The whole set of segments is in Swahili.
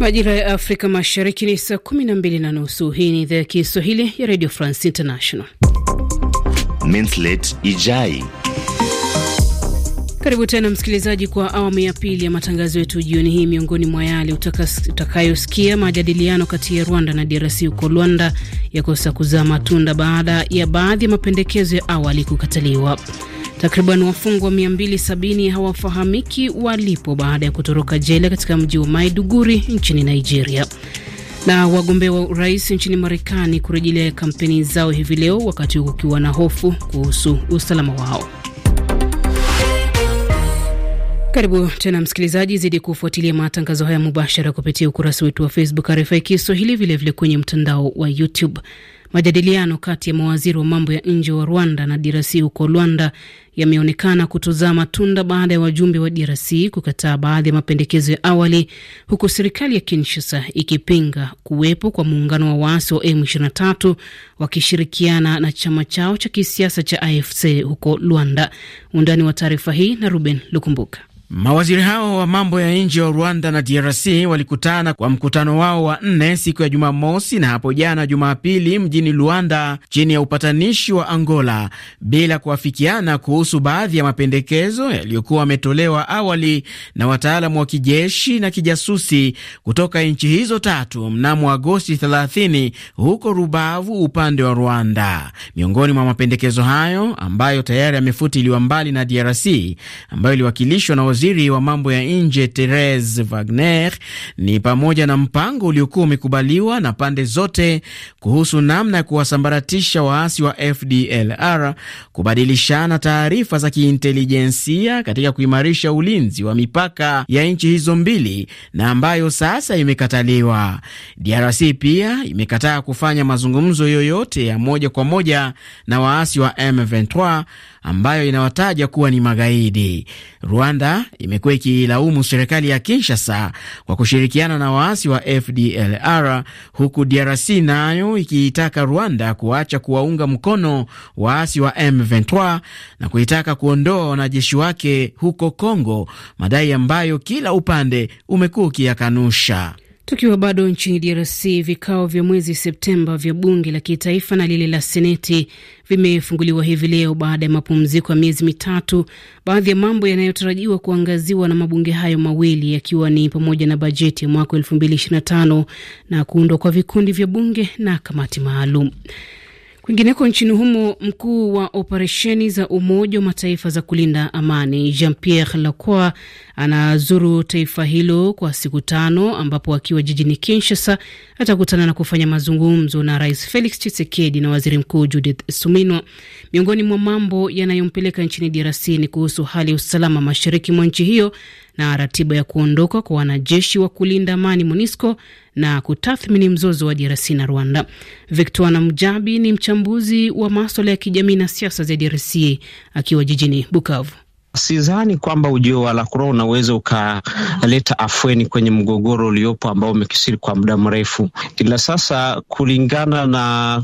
Majira ya Afrika Mashariki ni saa kumi na mbili na nusu. Hii ni idhaa ya Kiswahili ya Radio France International. Minslet Ijai. Karibu tena msikilizaji, kwa awamu ya pili ya matangazo yetu jioni hii. Miongoni mwa yale utakayosikia: majadiliano kati ya Rwanda na DRC huko Luanda yakosa kuzaa matunda baada ya baadhi ya mapendekezo ya awali kukataliwa. Takriban wafungwa 270 hawafahamiki walipo baada ya kutoroka jela katika mji wa Maiduguri nchini Nigeria. Na wagombea wa urais nchini Marekani kurejelea kampeni zao hivi leo, wakati kukiwa na hofu kuhusu usalama wao. Karibu tena msikilizaji, zidi kufuatilia matangazo haya mubashara kupitia ukurasa wetu wa Facebook RFI Kiswahili, vilevile kwenye mtandao wa YouTube. Majadiliano kati ya mawaziri wa mambo ya nje wa Rwanda na DRC huko Rwanda yameonekana kutozaa matunda baada ya wajumbe wa DRC kukataa baadhi ya mapendekezo ya awali, huku serikali ya Kinshasa ikipinga kuwepo kwa muungano wa waasi wa M23 wakishirikiana na chama chao cha kisiasa cha AFC huko Rwanda. Undani wa taarifa hii na Ruben Lukumbuka. Mawaziri hao wa mambo ya nje wa Rwanda na DRC walikutana kwa mkutano wao wa nne siku ya Jumamosi na hapo jana Jumapili mjini Luanda chini ya upatanishi wa Angola bila kuafikiana kuhusu baadhi ya mapendekezo yaliyokuwa yametolewa awali na wataalamu wa kijeshi na kijasusi kutoka nchi hizo tatu mnamo Agosti 30 huko Rubavu upande wa Rwanda. Miongoni mwa mapendekezo hayo ambayo tayari yamefutiliwa mbali na DRC ambayo iliwakilishwa na waziri wa mambo ya nje Therese Wagner ni pamoja na mpango uliokuwa umekubaliwa na pande zote kuhusu namna ya kuwasambaratisha waasi wa FDLR, kubadilishana taarifa za kiintelijensia katika kuimarisha ulinzi wa mipaka ya nchi hizo mbili na ambayo sasa imekataliwa. DRC pia imekataa kufanya mazungumzo yoyote ya moja kwa moja na waasi wa M23 ambayo inawataja kuwa ni magaidi. Rwanda imekuwa ikiilaumu serikali ya Kinshasa kwa kushirikiana na waasi wa FDLR, huku DRC nayo ikiitaka Rwanda kuacha kuwaunga mkono waasi wa M23 na kuitaka kuondoa wanajeshi wake huko Kongo, madai ambayo kila upande umekuwa ukiyakanusha. Tukiwa bado nchini DRC, vikao vya mwezi Septemba vya bunge la kitaifa na lile la seneti vimefunguliwa hivi leo baada ya mapumziko ya miezi mitatu. Baadhi ya mambo yanayotarajiwa kuangaziwa na mabunge hayo mawili yakiwa ni pamoja na bajeti ya mwaka 2025 na kuundwa kwa vikundi vya bunge na kamati maalum. Kwingineko nchini humo, mkuu wa operesheni za Umoja wa Mataifa za kulinda amani Jean Pierre Lacroix anazuru taifa hilo kwa siku tano, ambapo akiwa jijini Kinshasa atakutana na kufanya mazungumzo na Rais Felix Tshisekedi na Waziri Mkuu Judith Suminwa. Miongoni mwa mambo yanayompeleka nchini DRC ni kuhusu hali ya usalama mashariki mwa nchi hiyo na ratiba ya kuondoka kwa wanajeshi wa kulinda amani MONUSCO na kutathmini mzozo wa DRC na Rwanda. Victoana Mujabi ni mchambuzi wa maswala ya kijamii na siasa za DRC akiwa jijini Bukavu sidhani kwamba ujio wa Lacroix unaweza ukaleta afweni kwenye mgogoro uliopo ambao umekisiri kwa muda mrefu, ila sasa kulingana na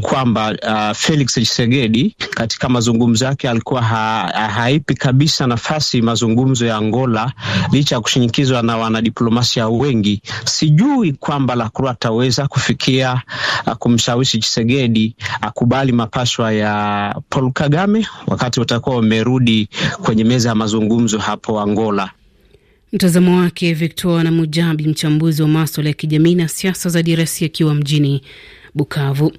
kwamba uh, Felix Tshisekedi katika mazungumzo yake alikuwa ha, haipi kabisa nafasi mazungumzo ya Angola licha ya kushinikizwa na wanadiplomasia wengi. Sijui kwamba Lacroix ataweza kufikia uh, kumshawishi Tshisekedi akubali uh, mapashwa ya Paul Kagame wakati watakuwa wamerudi kwenye kwenye meza ya mazungumzo hapo Angola. Mtazamo wake Victor na Mujabi, mchambuzi wa maswala ya kijamii na siasa za DRC akiwa mjini Bukavu.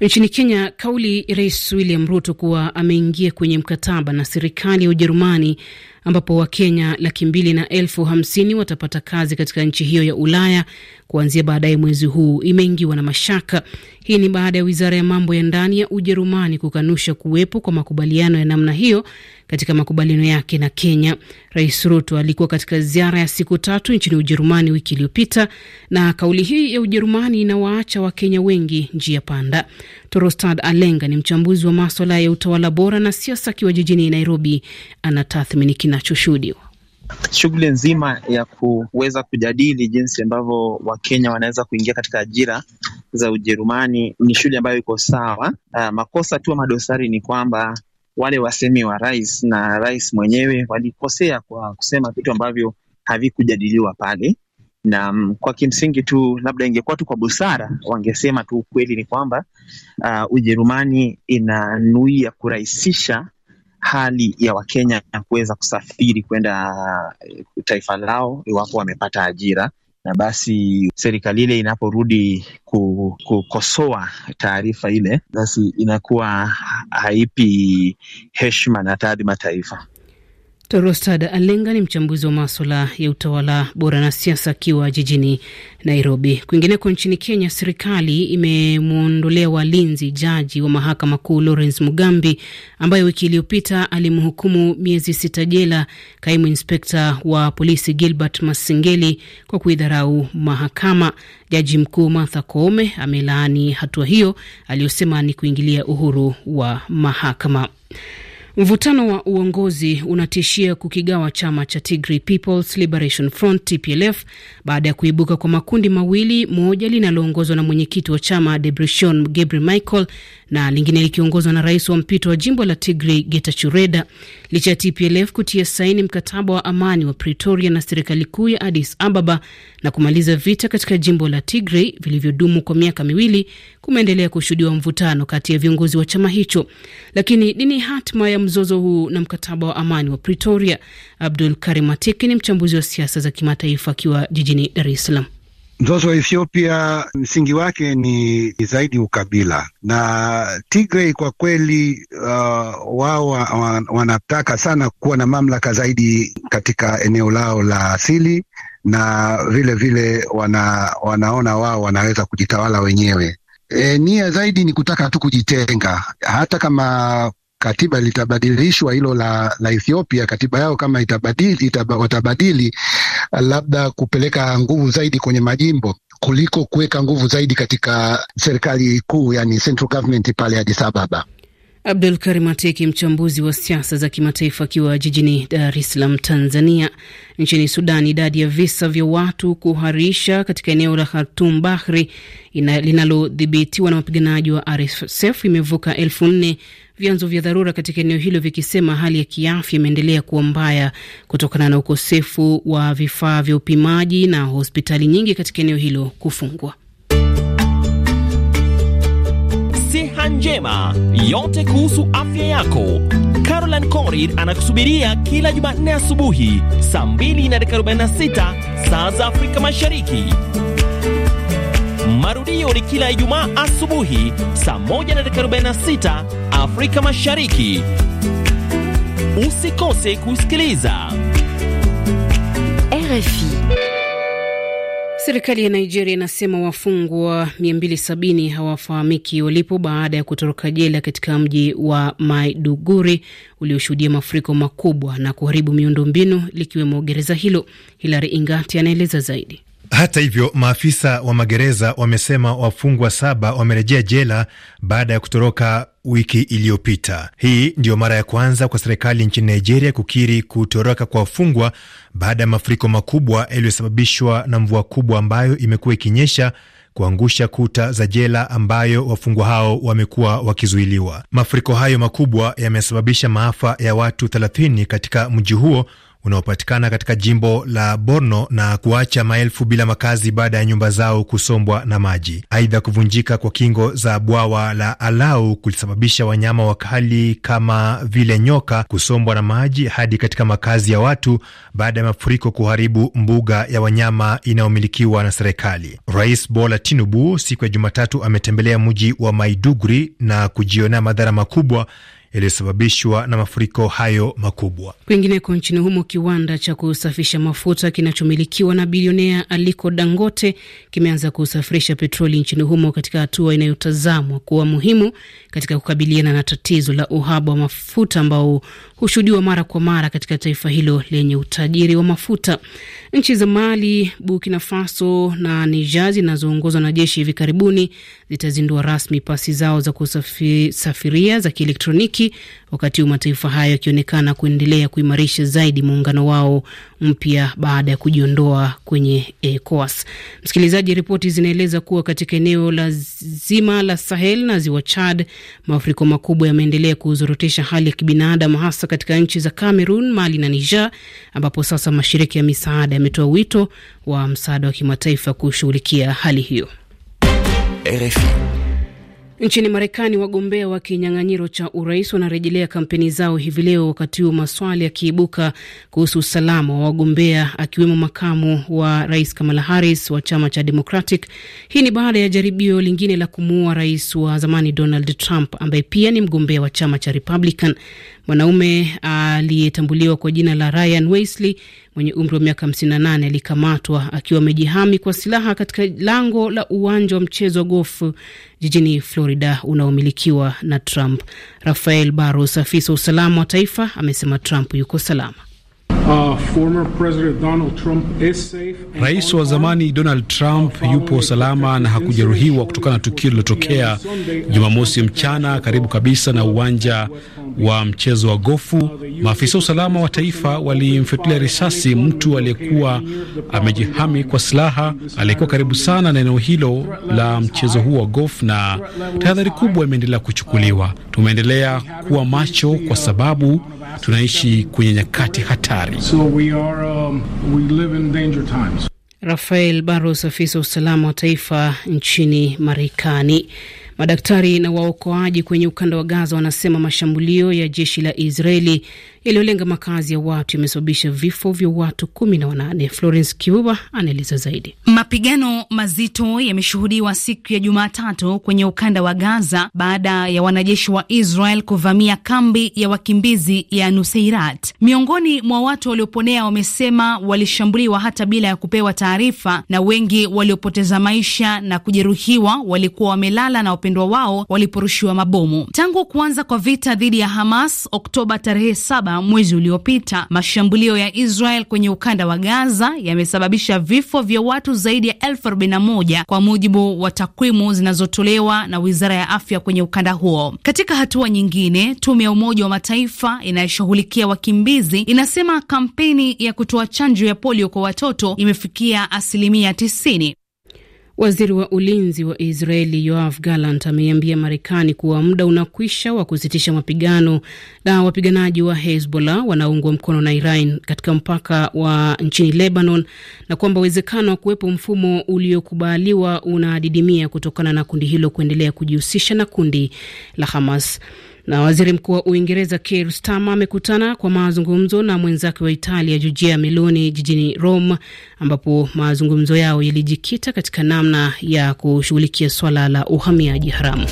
Nchini Kenya, kauli ya Rais William Ruto kuwa ameingia kwenye mkataba na serikali ya Ujerumani ambapo Wakenya laki mbili na elfu hamsini watapata kazi katika nchi hiyo ya Ulaya kuanzia baadaye mwezi huu imeingiwa na mashaka. Hii ni baada ya wizara ya mambo ya ndani ya Ujerumani kukanusha kuwepo kwa makubaliano ya namna hiyo katika makubaliano yake na Kenya. Rais Ruto alikuwa katika ziara ya siku tatu nchini Ujerumani wiki iliyopita, na kauli hii ya Ujerumani inawaacha Wakenya wengi njia panda. Torostad Alenga ni mchambuzi wa maswala ya utawala bora na siasa, akiwa jijini Nairobi, anatathmini kinachoshuhudiwa shughuli nzima ya kuweza kujadili jinsi ambavyo Wakenya wanaweza kuingia katika ajira za Ujerumani ni shughuli ambayo iko sawa. Uh, makosa tu madosari ni kwamba wale wasemi wa rais na rais mwenyewe walikosea kwa kusema vitu ambavyo havikujadiliwa pale na mm, kwa kimsingi tu labda ingekuwa tu kwa busara wangesema tu ukweli ni kwamba uh, Ujerumani inanuia kurahisisha hali ya Wakenya ya kuweza kusafiri kwenda uh, taifa lao iwapo wamepata ajira, na basi serikali ile inaporudi kukosoa taarifa ile, basi inakuwa haipi heshima na taadhima taifa. Torostad Alenga ni mchambuzi wa maswala ya utawala bora na siasa akiwa jijini Nairobi. Kwingineko nchini Kenya, serikali imemwondolea walinzi jaji wa mahakama kuu Lawrence Mugambi ambaye wiki iliyopita alimhukumu miezi sita jela kaimu inspekta wa polisi Gilbert Masengeli kwa kuidharau mahakama. Jaji mkuu Martha Koome amelaani hatua hiyo aliyosema ni kuingilia uhuru wa mahakama. Mvutano wa uongozi unatishia kukigawa chama cha Tigray People's Liberation Front TPLF baada ya kuibuka kwa makundi mawili, moja linaloongozwa na mwenyekiti wa chama Debretsion Gebre Michael na lingine likiongozwa na rais wa mpito wa jimbo la Tigray Getachew Reda. Licha ya TPLF kutia saini mkataba wa amani wa Pretoria na serikali kuu ya Addis Ababa na kumaliza vita katika jimbo la Tigray vilivyodumu kwa miaka miwili, kumeendelea kushuhudiwa mvutano kati ya viongozi wa chama hicho. Lakini nini hatima ya mzozo huu na mkataba wa amani wa Pretoria? Abdul Karim Atiki ni mchambuzi wa siasa za kimataifa akiwa jijini Dar es Salaam. Mzozo wa Ethiopia msingi wake ni zaidi ukabila na Tigray kwa kweli, uh, wao wanataka sana kuwa na mamlaka zaidi katika eneo lao la asili na vile vile wana, wanaona wao wanaweza kujitawala wenyewe E, nia zaidi ni kutaka tu kujitenga, hata kama katiba litabadilishwa hilo la, la Ethiopia katiba yao kama itabadili, itaba, watabadili labda kupeleka nguvu zaidi kwenye majimbo kuliko kuweka nguvu zaidi katika serikali kuu, yani central government pale Addis Ababa. Abdul Karim Ateki, mchambuzi wa siasa za kimataifa, akiwa jijini Dar es Salaam, Tanzania. Nchini Sudan, idadi ya visa vya watu kuharisha katika eneo la Khartum Bahri linalodhibitiwa na wapiganaji wa RSF imevuka elfu nne vyanzo vya dharura katika eneo hilo vikisema hali ya kiafya imeendelea kuwa mbaya kutokana na ukosefu wa vifaa vya upimaji na hospitali nyingi katika eneo hilo kufungwa. Siha Njema, yote kuhusu afya yako. Caroline Corid anakusubiria kila Jumanne asubuhi saa 2 na dakika 46 saa za Afrika Mashariki. Marudio ni kila Ijumaa asubuhi saa 1 na dakika 46 Afrika Mashariki. Usikose kusikiliza RFI. Serikali ya Nigeria inasema wafungwa 270 hawafahamiki walipo baada ya kutoroka jela katika mji wa Maiduguri ulioshuhudia mafuriko makubwa na kuharibu miundombinu likiwemo gereza hilo. Hilary Ingati anaeleza zaidi. Hata hivyo, maafisa wa magereza wamesema wafungwa saba wamerejea jela baada ya kutoroka wiki iliyopita. Hii ndiyo mara ya kwanza kwa serikali nchini Nigeria kukiri kutoroka kwa wafungwa baada ya mafuriko makubwa yaliyosababishwa na mvua kubwa ambayo imekuwa ikinyesha kuangusha kuta za jela ambayo wafungwa hao wamekuwa wakizuiliwa. Mafuriko hayo makubwa yamesababisha maafa ya watu 30 katika mji huo unaopatikana katika jimbo la Borno na kuacha maelfu bila makazi baada ya nyumba zao kusombwa na maji. Aidha, kuvunjika kwa kingo za bwawa la Alau kulisababisha wanyama wakali kama vile nyoka kusombwa na maji hadi katika makazi ya watu baada ya mafuriko kuharibu mbuga ya wanyama inayomilikiwa na serikali. Rais Bola Tinubu siku ya Jumatatu ametembelea mji wa Maiduguri na kujionea madhara makubwa yaliyosababishwa na mafuriko hayo makubwa. Kwingineko nchini humo, kiwanda cha kusafisha mafuta kinachomilikiwa na bilionea Aliko Dangote kimeanza kusafirisha petroli nchini humo katika hatua inayotazamwa kuwa muhimu katika kukabiliana na tatizo la uhaba wa mafuta ambao hushuhudiwa mara kwa mara katika taifa hilo lenye utajiri wa mafuta. Nchi za Mali, Burkina Faso na Niger zinazoongozwa na jeshi hivi karibuni zitazindua rasmi pasi zao za kusafiria za kielektroniki, wakati huu mataifa hayo yakionekana kuendelea kuimarisha zaidi muungano wao mpya baada ya kujiondoa kwenye ECOWAS. Msikilizaji, ripoti zinaeleza kuwa katika eneo la zima la Sahel na ziwa Chad, mafuriko makubwa yameendelea kuzorotesha hali ya kibinadamu, hasa katika nchi za Cameroon, Mali na Niger, ambapo sasa mashirika ya misaada yametoa wito wa msaada wa kimataifa kushughulikia hali hiyo. RFI. Nchini Marekani, wagombea wa kinyang'anyiro cha urais wanarejelea kampeni zao hivi leo, wakati huu maswali yakiibuka kuhusu usalama wa wagombea, akiwemo makamu wa rais Kamala Harris wa chama cha Democratic. Hii ni baada ya jaribio lingine la kumuua rais wa zamani Donald Trump ambaye pia ni mgombea wa chama cha Republican. Mwanaume aliyetambuliwa kwa jina la Ryan Wesley mwenye umri wa miaka 58 alikamatwa akiwa amejihami kwa silaha katika lango la uwanja wa mchezo wa gofu jijini Florida unaomilikiwa na Trump. Rafael Barros, afisa wa usalama wa taifa, amesema Trump yuko salama. Uh, Rais wa zamani Donald Trump yupo salama na hakujeruhiwa kutokana na tukio lililotokea Jumamosi mchana karibu kabisa na uwanja wa mchezo wa gofu. Maafisa wa usalama wa taifa walimfyatulia risasi mtu aliyekuwa amejihami kwa silaha, aliyekuwa karibu sana na eneo hilo la mchezo huo wa gofu, na tahadhari kubwa imeendelea kuchukuliwa. Tumeendelea kuwa macho kwa sababu tunaishi kwenye nyakati hatari. So we are, um, we live in danger times. Rafael Barros, afisa wa usalama wa taifa nchini Marekani. Madaktari na waokoaji kwenye ukanda wa Gaza wanasema mashambulio ya jeshi la Israeli yaliyolenga makazi ya watu yamesababisha vifo vya watu kumi na wanane. Florence Kiuba anaeleza zaidi. Mapigano mazito yameshuhudiwa siku ya Jumatatu kwenye ukanda wa Gaza baada ya wanajeshi wa Israel kuvamia kambi ya wakimbizi ya Nuseirat. Miongoni mwa watu walioponea wamesema walishambuliwa hata bila ya kupewa taarifa, na wengi waliopoteza maisha na kujeruhiwa walikuwa wamelala na wapendwa wao waliporushiwa mabomu tangu kuanza kwa vita dhidi ya Hamas Oktoba tarehe saba saba mwezi uliopita. Mashambulio ya Israel kwenye ukanda wa Gaza yamesababisha vifo vya watu zaidi ya elfu arobaini na moja kwa mujibu wa takwimu zinazotolewa na wizara ya afya kwenye ukanda huo. Katika hatua nyingine, tume ya Umoja wa Mataifa inayoshughulikia wakimbizi inasema kampeni ya kutoa chanjo ya polio kwa watoto imefikia asilimia tisini. Waziri wa ulinzi wa Israeli Yoav Gallant ameiambia Marekani kuwa muda unakwisha wa kusitisha mapigano na wapiganaji wa Hezbollah wanaoungwa mkono na Iran katika mpaka wa nchini Lebanon na kwamba uwezekano wa kuwepo mfumo uliokubaliwa unadidimia kutokana na kundi hilo kuendelea kujihusisha na kundi la Hamas. Na waziri mkuu wa Uingereza Keir Starmer amekutana kwa mazungumzo na mwenzake wa Italia Giorgia Meloni jijini Rome, ambapo mazungumzo yao yalijikita katika namna ya kushughulikia swala la uhamiaji haramu.